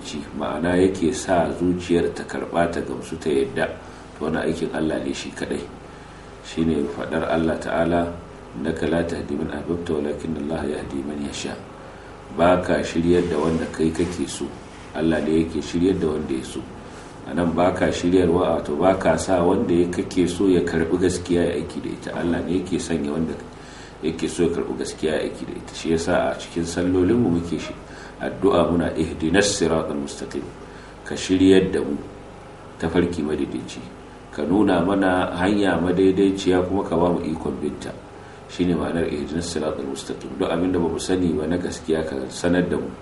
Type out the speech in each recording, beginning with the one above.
zuci ma'ana yake sa zuciyar ta karba ta gamsu ta yadda wani aikin Allah ne shi kadai shine fadar Allah ta'ala na kala ta hadi min ahbabta walakin Allah ya ya man ba ka shiryar da wanda kai kake so Allah ne yake shiryar da wanda ya so a nan ba anan baka to ba ka sa wanda ya kake so ya karbi gaskiya ya aiki da ita Allah ne yake sanya wanda yake so ya karbi gaskiya ya aiki da ita shi yasa a cikin sallolinmu muke shi addu'a muna ihdinas siratal mustaqim ka shiryar da mu tafarki madaidaici ka nuna mana hanya madaidaiciya kuma ka ba mu ikon binta shine ma'anar ihdinas siratal mustaqim duk abinda ba mu sani ba na gaskiya ka sanar da mu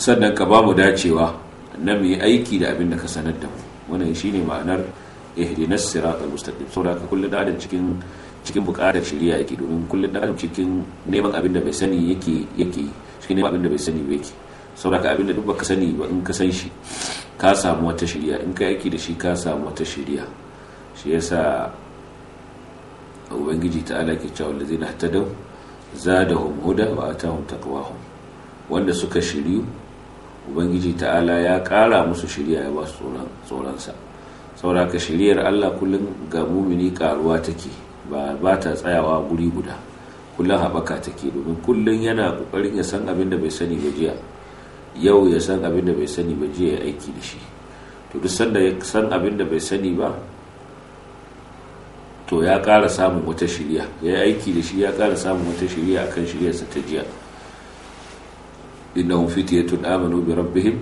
sannan ka ba mu dacewa na mu yi aiki da abinda ka sanar da mu wannan shine ma'anar ihdinas siratal mustaqim saboda ka kullu da cikin cikin bukatar shiriya yake domin kullum da cikin neman abin da bai sani yake yake cikin ne abin da bai sani ba yake saboda abin da duk baka sani ba in ka san shi ka samu wata shirya in ka aiki da shi ka samu wata shirya shi yasa ubangiji ala ke cewa lazina tadau zadahum huda wa atahum taqwahum wanda suka shiryu ubangiji ala ya kara musu shirya ya ba su tsoronsa saboda ka shiryar allah kullum ga mumini karuwa take ba ta tsayawa guri guda kullum haɓaka take domin kullum yana ƙoƙarin ya san abin da bai sani ba jiya yau ya san abin da bai sani ba jiya ya aiki da shi to duk sanda ya san abin da bai sani ba to ya ƙara samun wata shirya ya yi aiki da shi ya ƙara samun wata shirya akan shiryarsa ta jiya ya tun amanu bi rabbihim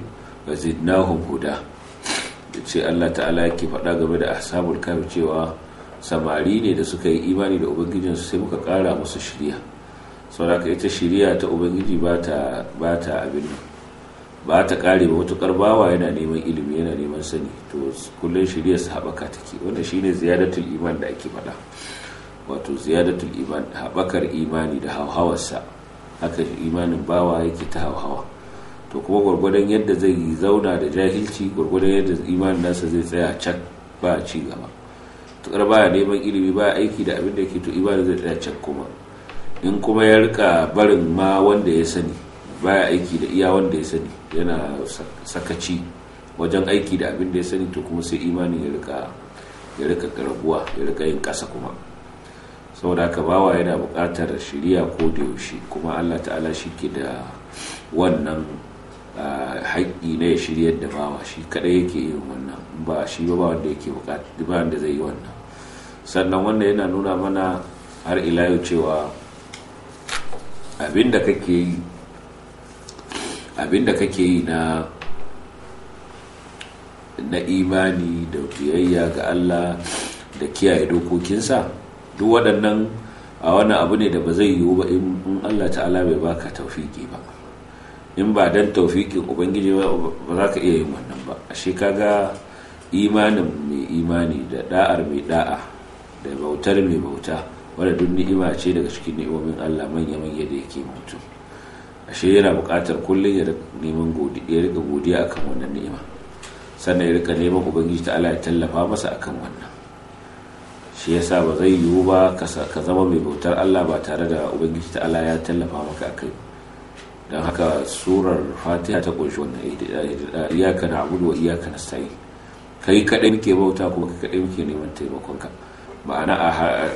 wa zidnahum huda ce Allah ta'ala yake faɗa game da asabar kafir cewa samari ne da suka yi imani da ubangijinsu sai muka kara musu shirya saboda ita shirya ta ubangiji ba ta abin ba ta kare ba matukar bawa yana neman ilimi yana neman sani to kullum shirya su haɓaka take wanda shine ziyadatul iman da ake faɗa wato ziyadatul iman haɓakar imani da hauhawarsa haka imanin bawa yake ta hauhawa to kuma gwargwadon yadda zai zauna da jahilci gwargwadon yadda imanin nasa zai tsaya can ba ci gaba ba ya neman ilimi ba aiki da abin da ke to ibada zai tsaya can kuma in kuma ya rika barin ma wanda ya sani ba ya aiki da iya wanda ya sani yana sakaci wajen aiki da abin da ya sani to kuma sai imanin ya rika ya rika karabuwa ya rika yin kasa kuma saboda haka bawa yana buƙatar shiriya ko da yaushe kuma Allah ta'ala shi ke da wannan haƙƙi na ya shiryar da bawa shi kaɗai yake yin wannan ba shi ba wanda yake buƙatar ba wanda zai yi wannan sannan wanda yana nuna mana har ilayu cewa abinda kake yi kake yi na na imani da biyayya ga Allah da kiyaye dokokinsa duk waɗannan a wani abu ne da ba zai yiwu ba in Allah ta'ala bai baka taufiki ba in ba dan taufikin ubangiji ba za ka iya yin wannan ba ashe kaga imanin mai imani da da'ar mai da'a da bautar mai bauta wadda duk ni'ima ce daga cikin ni'imomin Allah manya manya da yake mutu ashe yana buƙatar kullum ya neman ya rika godiya akan wannan ni'ima sannan ya rika neman ubangiji ta Allah ya tallafa masa akan wannan shi yasa ba zai yiwu ba ka zama mai bautar Allah ba tare da ubangiji ta Allah ya tallafa maka akai don haka surar fatiha ta ƙunshi wannan iyaka na abudu wa iyaka na sayi kai kaɗai muke bauta kuma kai kaɗai muke neman taimakon taimakonka ma'ana a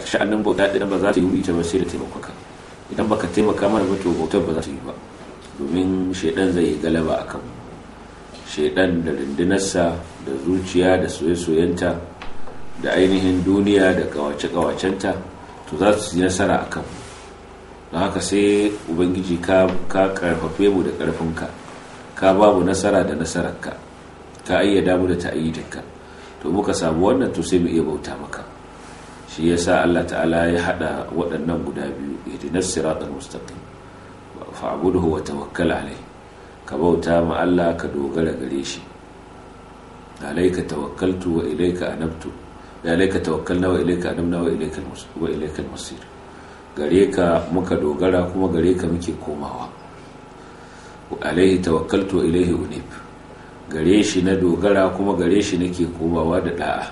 sha'anin bauta ɗin ba za ta yi ita ba sai da taimakonka idan baka taimaka mana ba to bautar ba za ta yi ba domin shaidan zai yi galaba a kan shaidan da rundunarsa da zuciya da soye-soyenta da ainihin duniya da kawace-kawacenta to za su yi nasara a kan don haka sai ubangiji ka karfafe mu da karfinka ka babu nasara da nasararka ka ayyada mu da ta'ayyidinka to muka samu wannan to sai mu iya bauta maka shi ya sa Allah ta'ala ya haɗa waɗannan guda biyu ihdinas siratal mustaqim fa'budhu wa tawakkal alayhi ka bauta ma Allah ka dogara gare shi alayka tawakkaltu wa ilayka anabtu tawakkalna wa ilayka anabna wa ilayka wa ilayka masir gare ka muka dogara kuma gare ka muke komawa tawakkaltu wa unib gare shi na dogara kuma gare shi nake komawa da da'a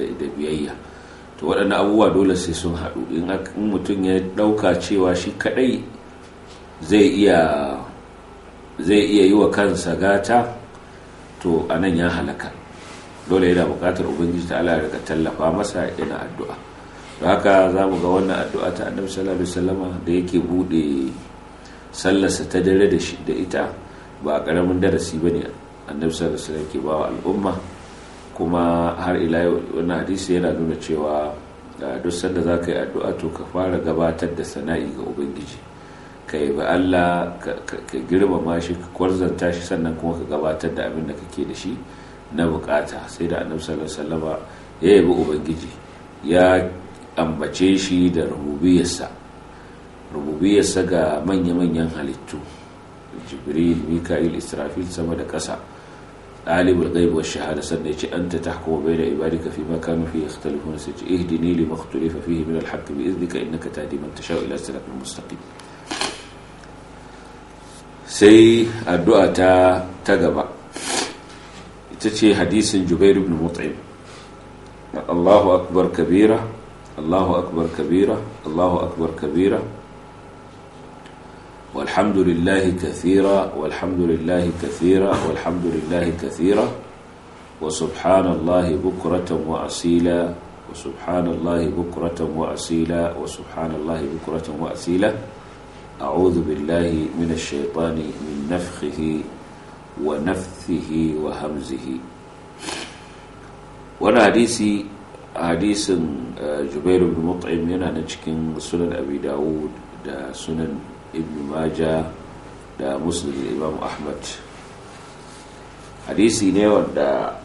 da biyayya to waɗannan abubuwa dole sai sun haɗu in mutum ya ɗauka cewa shi kaɗai zai iya yi wa kansa gata to a nan ya halaka dole yana buƙatar ubangiji ta ala daga tallafa masa yana addu'a to haka za mu ga wannan addu'a ta annabi sallallahu alaihi da yake buɗe sallarsa ta dare da shi da ita ba a ƙaramin darasi ba ne annabi sallallahu alaihi wasallam ke ba wa al'umma kuma har ila yau wannan hadisi yana nuna cewa duk sanda za ka yi addu'a to ka fara gabatar da sana'i ga ubangiji ka yi Allah ka girmama shi ka kwarzanta shi sannan kuma ka gabatar da abin da kake da shi na bukata sai da annabi sallallahu alaihi ya yabi ubangiji ya ambace shi da rububiyarsa rububiyarsa ga manya-manyan halittu jibril mika'il israfil sama da ƙasa عالم الغيب والشهادة سنيك أنت تحكم بين عبادك فيما كانوا فيه يختلفون سنيك اهدني لما اختلف فيه من الحق بإذنك إنك تهدي من تشاء إلى الصراط المستقيم سي الدعاء تقبع تتشي حديث جبير بن مطعم الله أكبر كبيرة الله أكبر كبيرة الله أكبر كبيرة, Allahu والحمد لله كثيرا والحمد لله كثيرا والحمد لله كثيرا وسبحان الله بكرة وأصيلا وسبحان الله بكرة وأصيلا وسبحان الله بكرة وأصيلا أعوذ بالله من الشيطان من نفخه ونفثه وهمزه وانا حديثي حديث جبير بن مطعم ينا نشكن سنن أبي داود دا سنن ibn maja da muslim imam ahmad hadisi ne wanda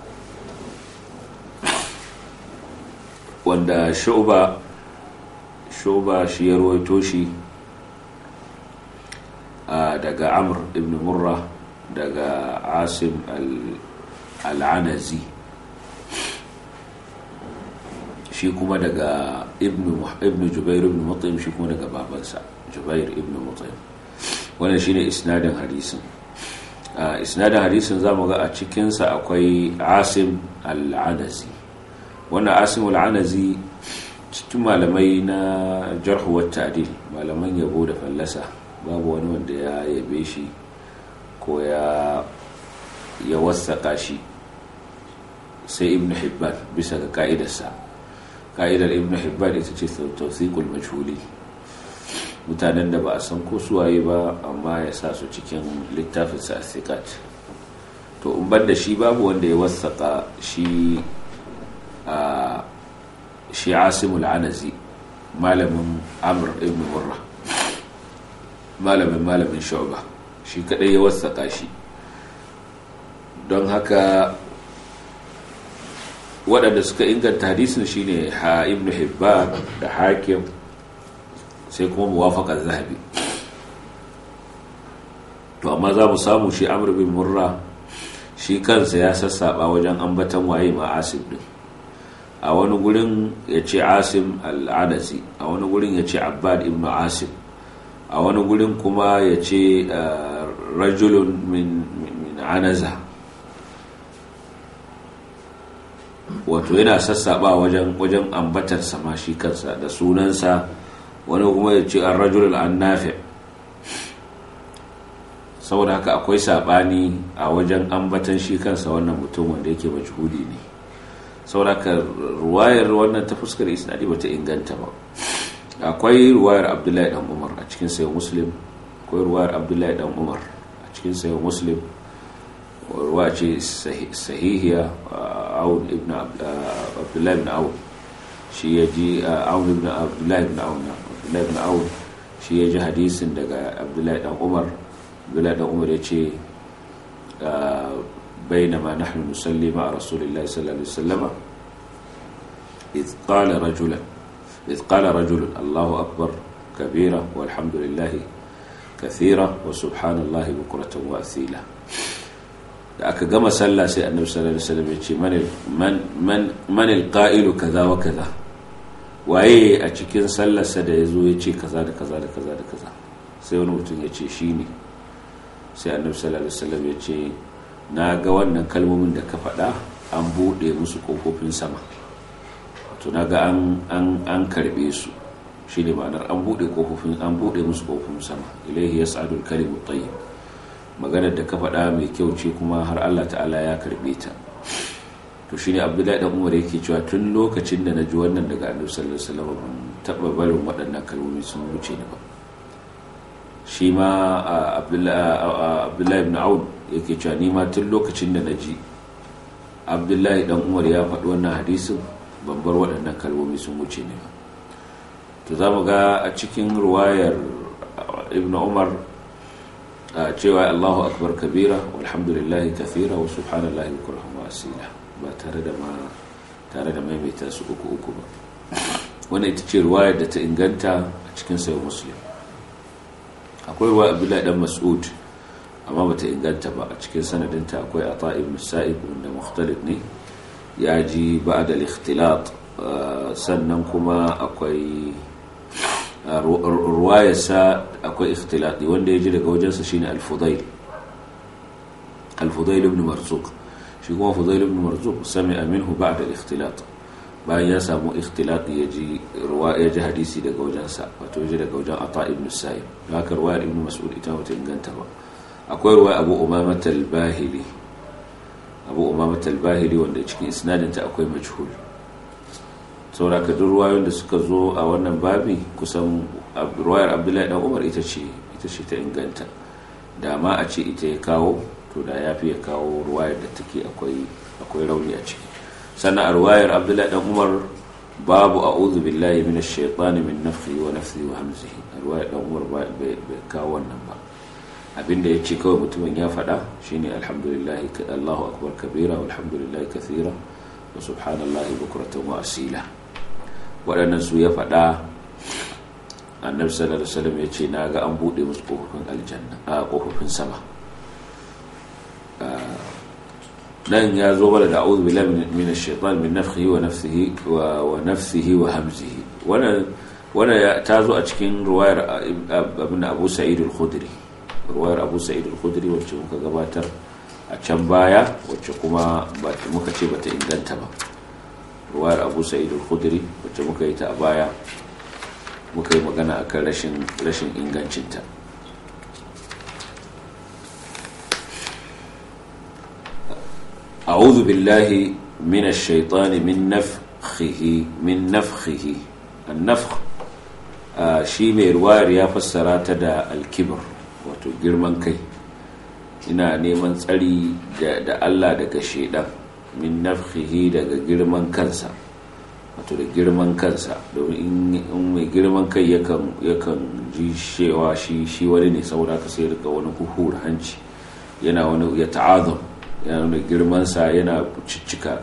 wanda shuba shuba shi ya ruwaito shi daga amr ibn murra daga asim anazi shi kuma daga ibn jubair ibn mutim shi kuma daga babansa jubair ibn mutayr wannan shine isnadin hadisin a isnadin hadisin zamu ga a cikinsa akwai asim al-anazi wannan asim al-anazi cikin malamai na jarhu wa ta'dil malaman yabo da fallasa babu wani wanda ya yabe shi ko ya ya wasaka shi sai ibn hibban bisa ga ka'idarsa ka'idar ibn hibban ita ce tawsiqul majhuli mutanen da ba a san ko suwaye ba amma ya sa su cikin littafinsa a sikat to in banda shi babu wanda ya wasaƙa shi a shi asimul anazi malamin Amur ibn murra malamin malamin shoba shi kadai ya wasaƙa shi don haka waɗanda suka inganta hadisin shine ha ibn hibba da hakim sai kuma muwafakar zahabi to amma za mu samu shi amurbin murra shi kansa ya sassaba wajen ambatan waye ma asim din a wani gurin ya ce asim al'adasi a wani gurin ya ce abbad ibn asim a wani gurin kuma ya ce eh, rajulun min anaza wato yana sassaba wajen wajen ambatarsa ma shi kansa da sunansa wani kuma ya ce an rajulul an nafi saboda haka akwai saɓani a wajen ambatan shi kansa wannan mutum wanda yake majhudi ne saboda haka ruwayar wannan ta fuskar isnadi ta inganta ba akwai ruwayar abdullahi dan umar a cikin sayo muslim akwai ruwayar abdullahi dan umar a cikin sayo muslim ruwa ce sahihiya uh, a ibn uh, abdullahi ibn aun shi ya ji uh, aun ibn abdullahi ibn aun abdullahi bin aun shi ya ji hadisin daga abdullahi dan umar abdullahi dan umar ya ce ah, bainama nahnu nusalli ma rasulillahi sallallahu alaihi wasallama إذ قال رجلا إذ قال رجل الله أكبر كبيرة kathira wa subhanallah وسبحان الله بكرة da aka gama sallah sai annabi sallallahu alaihi wasallam ya ce man man man alqa'ilu kaza wa kaza waye a cikin sallarsa da ya zo ya ce kaza da kaza da kaza da kaza sai wani mutum ya ce shi ne sai annabi sallallahu alaihi wasallam ya ce na ga wannan kalmomin da ka faɗa an buɗe musu kofofin sama to na ga an karɓe su shi ne ma'anar an buɗe kofofin an buɗe musu kofofin sama ilaihi yas'adul kalimu tayyib maganar da ka faɗa mai kyau ce kuma har Allah ta'ala ya karɓe ta to shine abdullahi dan umar yake cewa tun lokacin da na ji wannan daga annabi sallallahu alaihi wasallam taba barin waɗannan kalmomi sun wuce ni ba shi ma abdullahi ibn aun yake cewa ni ma tun lokacin da na ji abdullahi dan umar ya faɗi wannan hadisin ban bar waɗannan kalmomi sun wuce ni ba to za mu ga a cikin ruwayar ibn umar cewa allahu akbar kabira walhamdulillahi kafira wa subhanallahi kurhan asila ba tare da ma tare da maimaita su uku uku ba Wani ita ce ruwayar da ta inganta a cikin sayo muslim akwai ruwa abdullahi dan mas'ud amma bata inganta ba a cikin sanadinta akwai a ibn sa'ib wanda mukhtalif ne ya ji ba'da da ikhtilat eh, sannan kuma akwai eh, ruwayarsa akwai ikhtilati wanda ya ji daga wajensa shine al-fudayl al-fudayl ibn marzuq shi kuma fuzail ibn marzuq sami'a minhu ba'da ikhtilat bayan ya samu ikhtilat ya ji ruwa ya ji hadisi daga wajen sa wato ji daga wajen ata ibn sa'id haka ruwa ibn mas'ud ita wata inganta ba akwai ruwa abu umama al abu umama al wanda cikin isnadin ta akwai majhul saboda duk ruwayoyin da suka zo a wannan babi kusan ruwayar abdullahi dan umar ita ce ita ce ta inganta da ma a ce ita ya kawo to da ya fi ya kawo ruwayar da take akwai rauni a ciki sannan a ruwayar abdullahi dan umar babu uzu billahi mina shaitani min nafsihi wa nafsi wa hamzihi ruwayar dan umar bai kawo wannan ba abinda ya ce kawai mutumin ya faɗa shine alhamdulillah Allahu akbar kabira walhamdulillah kathira wa subhanallahi bukratan wa asila waɗannan su ya faɗa annabi sallallahu alaihi wasallam na ga an buɗe musu kofofin aljanna a kofofin sama nan ya zo mana da a'udhu billahi minash shaitan min nafsihi wa nafsihi wa nafsihi wa hamzihi wannan wannan ta zo a cikin ruwayar abin Abu Sa'id al-Khudri ruwayar Abu Sa'id al-Khudri wacce muka gabatar a can baya wacce kuma muka ce bata inganta ba ruwayar Abu Sa'id al-Khudri wacce muka yi ta a baya muka yi magana akan rashin rashin ingancinta أعوذ بالله من الشيطان من نفخه من نفخه النفخ shi mai ruwayar ya fassara ta da alkibar wato girman kai ina neman tsari da allah daga shaidan min nafhihi daga girman kansa wato da girman kansa domin in mai girman kai yakan ji shewa shi wani ne saboda ka sai rika wani huhur hanci yana wani ya ta'azam ya girman girmansa yana ciccika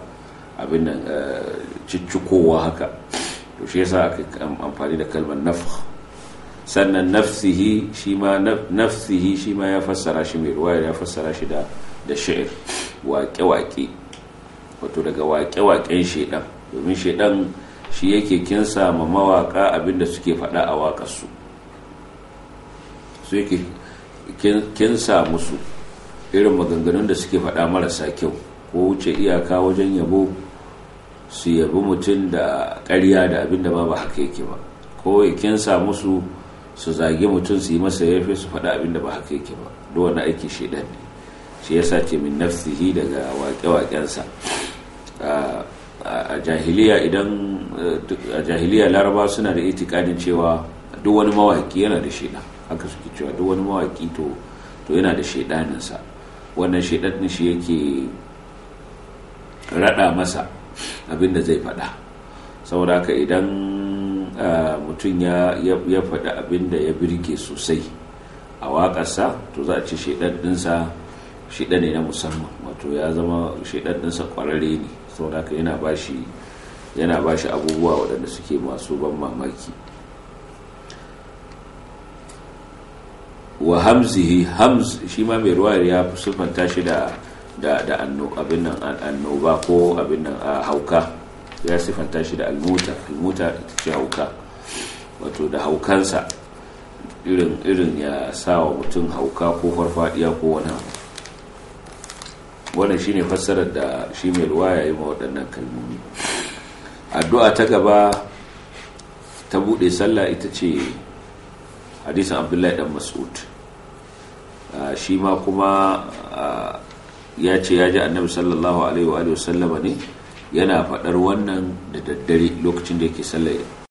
abin nan eh, ciccikowa haka to shi yasa aka amfani da kalmar nafh sannan nafsihi shi ma nafsihi shi ma ya fassara shi mai ruwa ya fassara shi da da shi'ir waƙe-waƙe wato daga waƙe-waƙen shedan domin shedan shi yake kin ma mawaƙa abinda suke faɗa a waƙarsu su yake sa musu irin maganganun da suke faɗa marasa kyau ko wuce iyaka wajen yabo su yabi mutum da ƙarya da abin da ba ba haka yake ba ko ya kinsa musu su zage mutum su yi masa yafe su faɗa abin da ba haka yake ba duk wani aiki shaidan ne shi ya sace min nafsihi daga waƙe-waƙensa a jahiliya a jahiliya laraba suna da itikadin cewa duk wani mawaki yana da shaidan haka suke cewa duk wani mawaƙi to yana da shaidaninsa wannan shaidan shi yake rada masa abin da zai faɗa saboda haka idan mutum ya faɗi abin da ya birge sosai a waƙarsa to za a ci shaidan ɗinsa shaidan ne na musamman wato ya zama shaidan ɗinsa ƙwararre ne saboda haka yana ba shi abubuwa waɗanda suke masu ban mamaki wa hamzihi hamz shi ma mai ruwa ya siffanta shi da da da abin nan annoba ko abin nan a hauka ya siffanta shi da almuta almuta ita ce hauka wato da haukansa irin irin ya wa mutum hauka ko farfadiya ko wani abu wannan shine fassarar da shi mai ruwa ya yi ma waɗannan kalmomi addu'a ta gaba ta buɗe sallah ita ce hadisin abdullahi dan mas'ud shi ma kuma ya ce ya ji annabi sallallahu alaihi wa sallama ne yana faɗar wannan da daddare lokacin da yake sallar